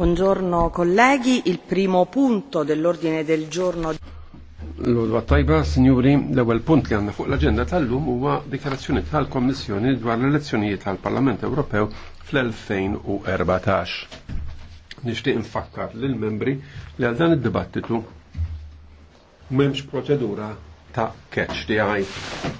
Buongiorno colleghi, il primo punto dell'ordine del giorno L-għodwa tajba, signori, l-ewel punt li għanna fuq l-agenda tal-lum huwa dikarazzjoni tal-Kommissjoni dwar l-elezzjonijiet tal-Parlament Ewropew fl-2014. Nixtieq infakkar lil membri li għal dan id-dibattitu m'hemmx proċedura ta' catch the eye.